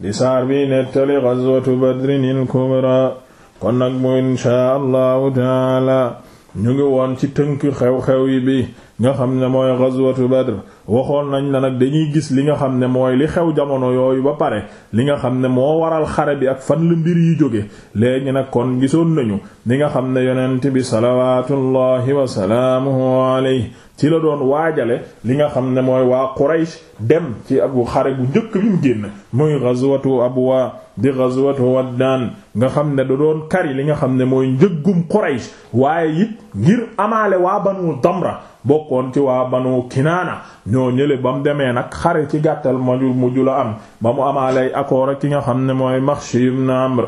di saar bi nettali gazwatu badrin il kubra kon nag mu inshaa allahu taala ñu ngi woon ci tënk xew-xew yi bi nga xam ne mooy ghazwatu Badr waxoon nañ la nag dañuy gis li nga xam ne mooy li xew jamono yooyu ba pare li nga xam ne moo waral xare bi ak fan la mbir yi jóge léegi nag kon gisoon nañu li nga xam ne yonent bi salawaatullahi wa salaamuhu alayhi ci la doon waajale li nga xam ne mooy waa Quraysh dem ci abu xare bu njëkk bi mu génn muy ghazwatu Abwa di ghazwatu waddaan nga xam ne da doon kari li nga xam ne mooy njëggum Quraysh waaye it ngir amaale waa banu damra bokkoon ci waa banu kinaana ñoo ñële ba mu demee nag xare ci gàttal majul mujj la am ba mu amaale accord ak ki nga xam ne mooy Maxshi ibn Amr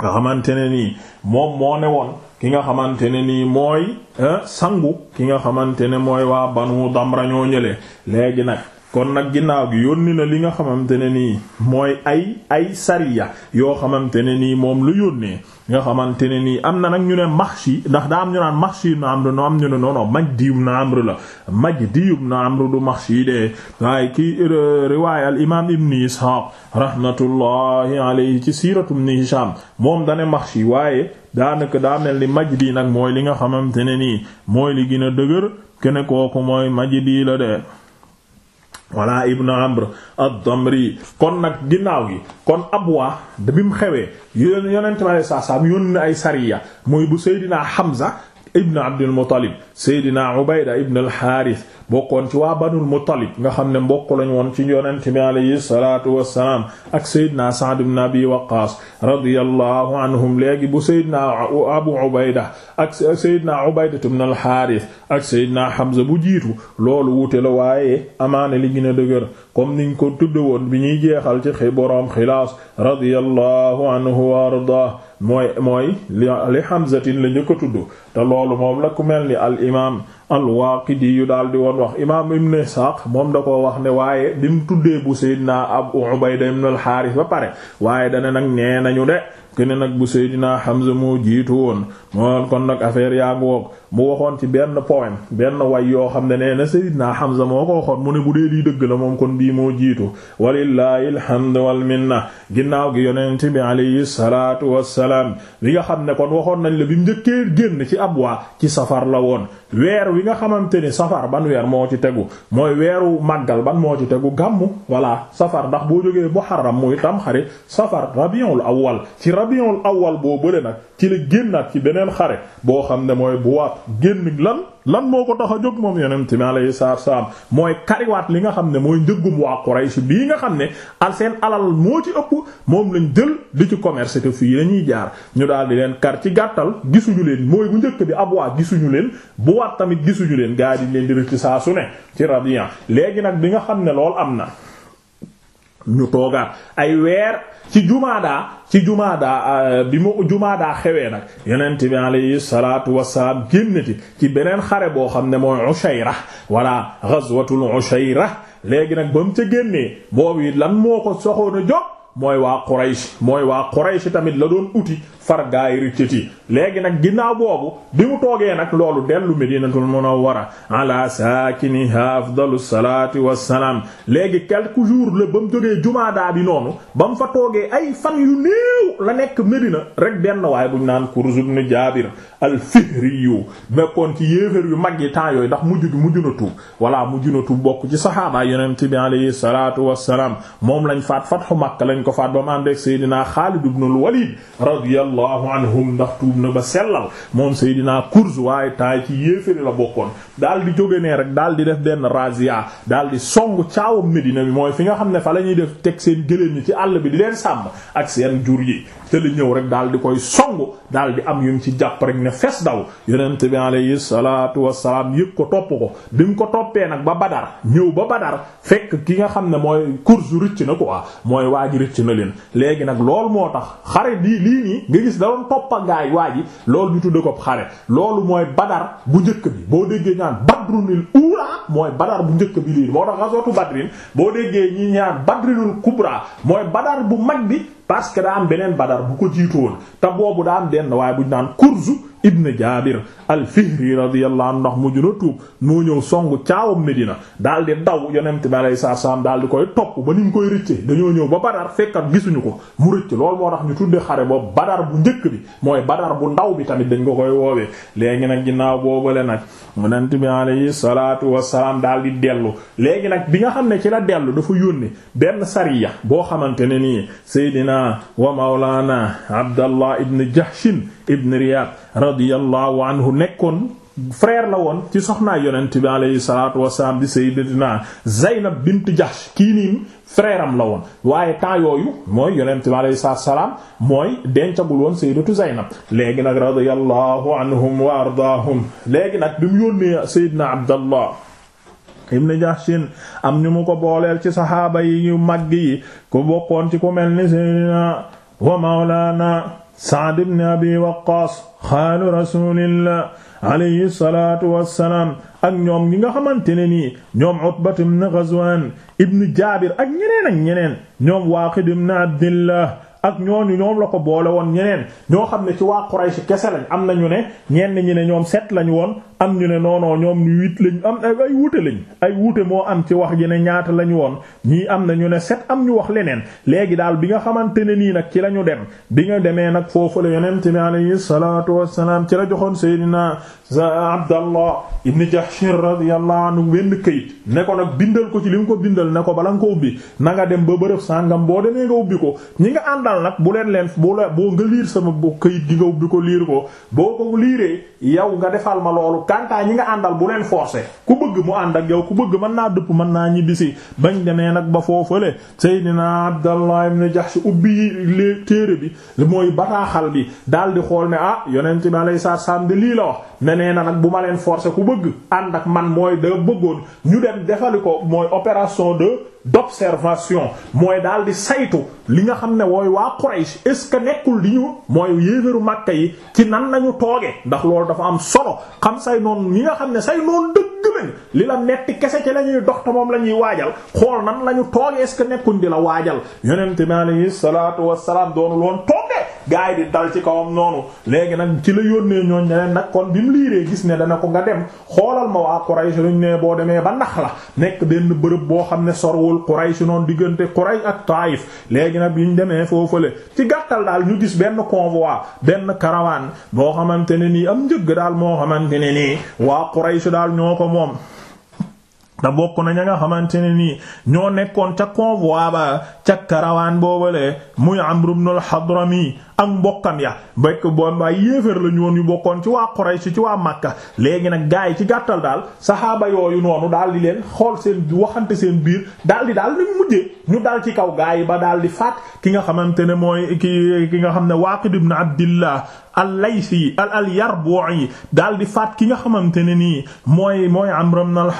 nga xamante ne nii moom moo ne woon ki nga xamante ne nii mooy eh, sangu ki nga xamante ne mooy waa banu damra ñoo ñële léegi nag kon nag ginnaaw gi yónni na li nga xamante ne nii mooy ay ay sariya yoo xamante ne nii moom lu yónnee nga xamante ne nii am na nag ñu ne Maxshi ndax daa am ñu naan Maxshi ibn Amr no am ñu ne noono Majdi la Majdi ibn Amr du Maxshi de waaye ki euh, riwaaya al imaam ibn Ishaaq rahmatullahi alayhi ci siiratu ibn Hishaam moom dane Maxshi waaye daanaka daa mel ni Majdi nag mooy li nga xamante ne nii mooy li gën a dëgër kene kooku mooy Majdi la de voilà ibnu amr ad-damri kon nag ginnaaw gi kon abwa da bi mu xewee yonent bi sallallahu alayhi wasallam yónni ay sariya muy bu seydinaa hamza ibn abdul muttalib seydina ubayda ibn al xaaris bokkoon ci waa banul muttalib nga xam ne mbokk lañ woon ci yonent bi alayhi salaatu wassalaam ak seydina sa'd ibn abi waqaas radiyallahu anhum léegi bu seydina abu ubayda ak seydina ubayda ibn al ak seydina hamza bu jiitu loolu wuute la waaye amaane li gën a dëgër comme niñ ko tudde woon bi ñuy jeexal ci xi xilaas radiyallahu anhu wa ardaah mooy mooy li hamzatin la njëkk a tudd te loolu moom la ku mel ni al imaam al-Waaqidi yu daal di woon wax imaam Ibn Isaaq moom da ko wax ne waaye bi mu tuddee bu Seydina Abu Ubayda ibn al-Haaris ba pare waaye dana nag nee nañu de kene nag bu Seydina Hamza moo jiitu woon moo kon nag affaire yaa ngoog mu waxoon ci benn poème benn way yoo xam ne nee na Seydina Hamza moo ko waxoon mu ne bu dee lii dëgg la moom kon bii moo jiitu walillahi alhamdu wal minna ginnaaw gi yonent bi alayhi salaatu wassalaam li nga xam ne kon waxoon nañ la bi mu njëkkee génn ci abwa ci safar la woon weer wi nga xamante ni safar ban weer moo ci tegu mooy weeru màggal ban moo ci tegu gàmmu walla safar ndax boo jógee muharram muy tamxarit safar rabiul awal boo bële nag ci la génnaat ci beneen xare boo xam ne mooy buwaat génn lan lan moo ko tax a jóg moom yonent mi alayhi salaatu salaam mooy kariwaat li nga xam ne mooy njëggum waa si bii nga xam ne al alal moo ci ëpp moom lañ jël di ci commerce te fii lañuy jaar ñu daal di leen kar ci gàttal gisuñu leen mooy bu njëkk bi abwaa gisuñu leen buwaat tamit gisuñu leen gaa yi di leen di ci saa su ne ci rabian léegi nag bi nga xam ne lool am na ñu toogaat ay weer ci jumaada ci jumaadaa euh, bi mu jumaadaa xewee nag yeneen bi alayhi salaatu wasalaam génnati ci beneen xare boo xam ne mooy Ushayra walla ghazwatul Ushayra léegi nag ba mu ca génnee boobu lan moo ko soxoon a mooy waa Quraysh mooy waa Quraysh tamit la doon uti far gaay rëccati léegi nag ginnaaw boobu bi mu toogee nag loolu dellu Medinatul Munawwara ala saakiniha afdalu salaati wassalaam léegi quelques jours la ba mu jógee jumaada bi noonu ba mu fa toogee ay fan yu néew la nekk Medina rek benn waaye buñ naan Kurz nu Jaabir al-Fihri yu nekkoon ci yéeféer yu mag yi temps yooyu ndax mujj gi mujj na tuub voilà mujj na tuub bokk ci saxaaba yonent bi alayhi salaatu wassalaam moom lañ faat fatxu Makka lañ ko faat ba mu ànd ak Seydina Xaalid ibn radiyallahu anhum ndax tuub na ba sellal moom taay ci yéeféri la bokkoon daal di jóge ne rek daal di def denn razia daal di song caawam Medina bi mooy fi nga xam ne fa la ñuy def teg seen gëléem yi ci àll bi di leen sàmm ak seen jur yi te li ñëw rek daal di koy song daal di am yum ci jàpp rek ne fes daw yonent bi alayhi salaatu wassalaam yëpp ko topp ko bi mu ko toppee nag ba Badar ñëw ba Badar fekk ki nga xam ne mooy Kurz rëcc na ko quoi ah, mooy waa ji na leen léegi nag loolu moo tax xare lii gis da doon toppa gaay waa ji loolu ñu tudde ko xare loolu mooy badar bu njëkk bi boo déggee ñaan badrunil ula mooy badar bu njëkk bi lii moo tax gasootu badrin boo déggee ñi ñaan badrinul kubra mooy badar bu mag bi parce que daa am beneen badar bu ko jiitu woon te boobu daa am denn waaye bu ñu naan kurzu ibn jaabir al-Fihri radiyallahu anhu ndax mu na tuub moo ñëw songu caawam Medina daal di daw yonent bi alayhi salaam daal di koy topp ba ni koy rëccee dañoo ñëw ba badar fekkat gisuñu ko mu rëcc loolu moo tax ñu xare boobu badar bu njëkk mooy badar bu ndaw bi tamit dañ ko koy woowee léegi nag ginnaaw boobale nag yonent bi alayhi salaatu wassalaam daal di dellu léegi nag bi nga xam ne ci la dellu dafa yónni benn sariya boo xamante ne nii Seydina sayyidina wa mawlana abdallah ibn jahshin ibn riyad radiyallahu anhu nekkoon frère la woon ci soxnaa yonent bi alayhi salatu wasalaam di sayyidatina zaynab bint jahsh kii nii frère am la woon waaye temps yooyu mooy yonent bi alayhi salatu wasalaam mooy dencagul woon sayyidatu zaynab léegi nag radiyallahu anhum wa ardaahum léegi nag bi mu yónnee sayyidina abdallah ibn Jahshin am ñu mu ko booleel ci saxaaba yi ñu màgg yi ko bokkoon ci ku mel ni Seydina wa Mawlaana Sa'd ibn Abi Waqqaas xaalu Rasuulillah alayhi salaatu wassalaam ak ñoom ñi nga xamante ne nii ñoom Utbat ibn Ghazwaan ibn Jaabir ak ñeneen ak ñeneen ñoom Waaqid ibn Abdillah ak ñooñu ñoom la ko boole woon ñeneen ñoo xam ne ci waa Quraysh kese lañ am na ñu ne ñenn ñi ne ñoom sept lañ woon am ñu ne noonoo ñoom ñu huit lañ am ay wuute lañ ay wuute moo am ci wax ji ne ñaata lañ woon ñii am na ñu ne sept am ñu wax leneen léegi daal bi nga xamante ne nii nag ci la dem bi nga demee nag foofu la yonent bi alayhi salaatu wassalaam ci la joxoon Seydina Abdallah ibn Jahsh radiyallahu anhu benn këyit ne ko nag bindal ko ci li mu ko bindal ne ko bala nga ko ubbi na nga dem ba bërëb sàngam boo dal nag bu leen leen boo nga liir sama bu këyit gi nga bi ko liir ko boo ko liiree yow nga defal ma loolu kantaa ñi nga àndal bu leen forcer ku bëgg mu ànd ak yow ku bëgg mën naa dëpp mën naa ñibbisi bañ demee nag ba foofale Seydina Abdallah ibn Jahsh ubbi yi téere bi mooy bataaxal bi daal di xool ne ah yonent bi alayhi salaam di lii la wax ne nee na nag bu ma leen forcer ku bëgg ànd ak man mooy da bëggoon ñu dem defali ko mooy opération de d'observation mooy daal di saytu li nga xam ne wooy waa Quraysh est ce que nekkul di ñu mooy yéeféru Makka yi ci nan nañu tooge ndax loolu dafa am solo xam say noonu ñi nga xam ne say noonu dëgg lañ li la metti kese ci la ñuy dox moom la ñuy waajal xool nan la ñu toogee est ce que nekkuñ di la waajal yonente bi alayhi salaatu wassalaam doonu loon toog gars yi di dal ci kawam noonu léegi nag ci la yónnee ñooñ ne leen nag kon bi mu liiree gis ne dana ko nga dem xoolal ma waa Quraysh luñ ne boo demee ba nax la nekk benn bërëb boo xam ne sorwul si noonu diggante Quraysh ak Taif léegi nag bi ñu demee foofale ci gàttal daal ñu gis benn convoi benn caravane boo xamante ne nii am njëgg daal moo xamante ne nii waa si daal ñoo ko moom da bokk na ña nga xamante ne nii ñoo nekkoon ca convoi ba ca karawaan boobale muy Amr ibn al-Hadrami ak mbokkam ya bekk boon ay yéeféer la ñu woon yu bokkoon ci waa Quraysh ci waa Makka léegi nag gaa yi ci gàttal daal saxaaba yooyu noonu daal di leen xool seen waxante seen biir dal di daal ñu mujjee ñu dal ci kaw gaa yi ba daal di faat ki nga xamante ne mooy ki ki nga xam ne Waaqid ibn Abdillah al-Laythi al-Yarbu'i daal di faat ki nga xamante ne nii mooy mooy Amr ibn al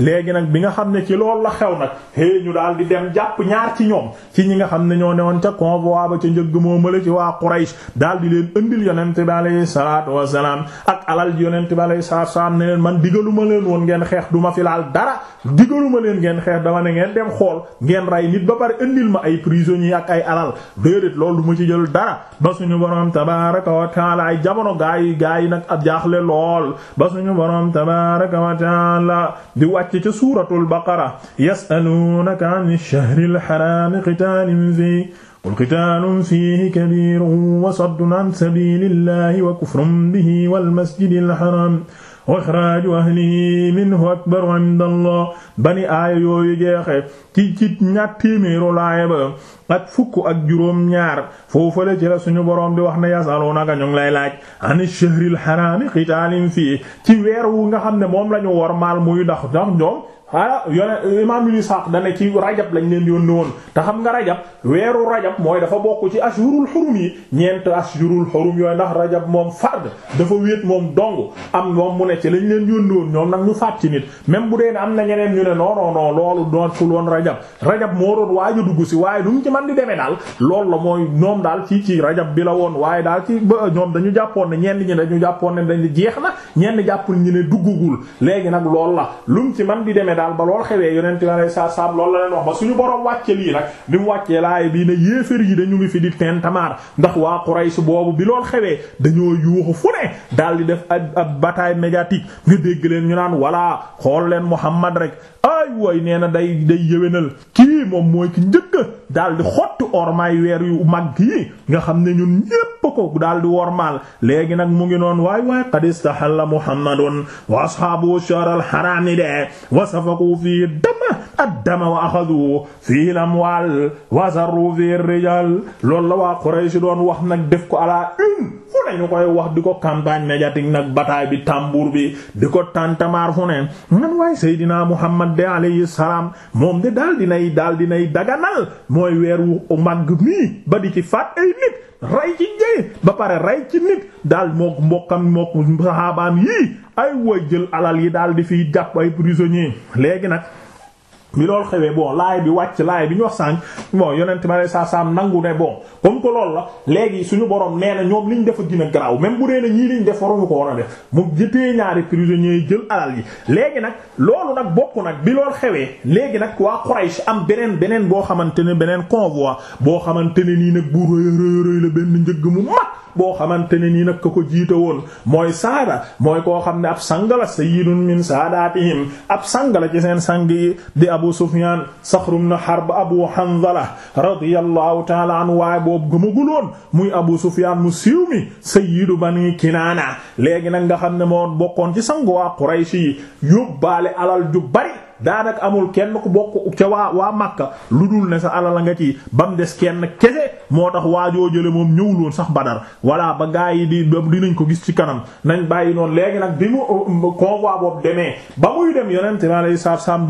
léegi nag bi nga xam ne ci loolu la xew nag hey ñu daal di dem jàpp ñaar ci ñoom ci ñi nga xam ne ñoo newoon ca convoi ba ca njëgg moo mala ci waa Quraysh daal di leen indil yonent bi alayhi salaatu wassalaam ak alal ji yonent bi alayhi salaatu wassalaam ne leen man digaluma leen woon ngeen xeex du ma fi laal dara digaluma leen ngeen xeex dama ne ngeen dem xool ngeen rey nit ba pare indil ma ay prisonniers ak ay alal déedéet loolu du ma ci jël dara ba suñu borom tabaaraka wa taala ay jamono gaa yi gaa yi nag ab jaaxle lool ba suñu borom tabaaraka wa taala di wàcc ca suuratul baqara yas'alunaka 'anil shahril haram alxaraami qitaalin fii qul qitaalun fiihi kabiirun wa saddun an sabiilillahi wa kufrun bihi wal masjidil haraam wa ixraaju ahlihi minhu akbaru inda allah bani aaya yooyu jeexe ci ci ñaat téeméeru laaya ba ak fukk ak juróom ñaar foofale ci la suñu boroom di wax ne yasalunaka ñu ngi lay laaj ani shahril haraami qitaalin fii ci weer wu nga xam ne moom la ñu war maal muy ndax ndax ñoom ah yone imam ibn Ishaq dane ci rajab lañ leen yónni woon te xam nga rajab weeru rajab mooy dafa bokk ci ashurul xurum yi ñeent ashurul xurum yooyu ndax rajab moom fard dafa wéet moom dong am moom mu ne ci lañ leen yónni woon ñoom nag ñu faat ci nit même bu dee ne am na ñeneen ñu ne non non non loolu doon ful woon rajab rajab moo doon waaju dugg si waaye man di demee daal loolu la mooy ñoom daal ci ci rajab bi la woon waaye daal ci ba ñoom dañu jàppoon ne ñenn ñi dañu jàppoon ne dañ jeex na ñenn jàppul ñi ne duggugul léegi nag loolu la mu ci man di demee daal ba lool xewee yonente na lay sa saab loolu la leen wax ba suñu boroom wàcce lii nag bi mu wàccee laay bii ne yéefér yi dañu ngi fi di tentamaar ndax waa Quraysh boobu bi lool xewee dañoo yuuxu fu ne daal di def ab bataay médiatique nga dégg leen ñu naan voilà xool leen Muhammad rek ay wooy nee na day day yëwénal kii moom mooy ki njëkk daal di xotti ormaay weer yu mag yi nga xam ne ñun ñépp ko daal di wormaal léegi nag mu ngi noon waay waay qad istahalla muhammadun wa ashaabu shahr al harami de wa safaku fi dam addama wa axadu fii lamwaal wa zarru fi rijal loolu la waa Quraysh doon wax nag def ko ala une fu ne ñu koy wax di ko campagne médiatique nag bataille bi tambour bi di ko tantamaar fu ne man waaye Seydina Muhammad de alayhi moom de daal dinay daal dinay daganal mooy weer wu mag mii ba di ci faat ay nit ray ci jey ba pare ray ci nit daal mook mbokkam mook saxaabaam yii ay woy jël alal yi daal di fiy jàpp ay prisonnier léegi nag bi lool xewee boo laay bi wàcc laay bi ñu wax sànq bon yonent ma ne saa saam nangu ne boo comme que loolu la léegi suñu borom nee na ñoom liñ defa gën a garaaw même bu dee ne ñii liñ def waruñu ko war def mu jëtee ñaari prisonniers yi jël alal yi. léegi nag loolu nag bokk nag bi loolu xewee léegi nag waa Quraysh am beneen beneen boo xamante ne beneen convoi boo xamante ne nii nag bu rëy rëy rëy la benn njëg mu mag. boo xamante ne nii nag ko ko jiite woon mooy saada mooy koo xam ne ab sangala sayyidun min saadatihim ab sangala ci seen sang yi di ab Abu Sufyan Saxr ibn Harb Abu Hanzala radiyallahu ta'ala anhu waaye boobu gëmaguloon muy Abu Sufyan mu siiw mi sayyidu Bani Kinaana léegi nag nga xam ne moo bokkoon ci sangu waa Quraysh yi yóbbaale alal ju bari daanaka amul kenn ku bokk ca waa waa Makka lu dul ne sa alal la nga ci ba mu des kenn kese moo tax waajoo jële moom ñëwuloon sax Badar voilà ba gaa yi di dinañ ko gis ci kanam nañ bàyyi noonu léegi nag bi mu convoi boobu demee ba muy dem yonente mi alayhi salaam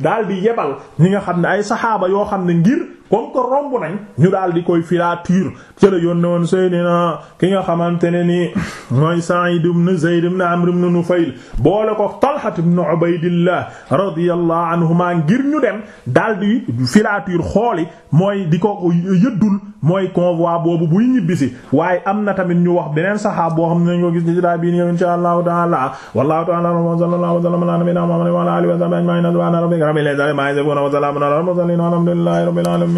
daal di yebal ñi nga xam ne ay saxaaba yoo xam ne ngir comme que romb nañ ñu daal di koy filature ca la yónnee woon Seydina ki nga xamante ne nii mooy Sa'id ibn Zayd ibn Amr ibn Nufayl boole ko Talha ibn Ubaydillah radiyallahu anhuma ngir ñu dem daal di filature xooli mooy di ko yëddul mooy convoi boobu buy ñibbisi waaye am na tamit ñu wax beneen saxaab boo xam ne nañ ko gis ci daa bii nii insha Allahu ta'ala wallahu ta'ala sallallahu wa sallam ala nabiyyina Muhammadin wa ala alihi wa sahbihi ajma'in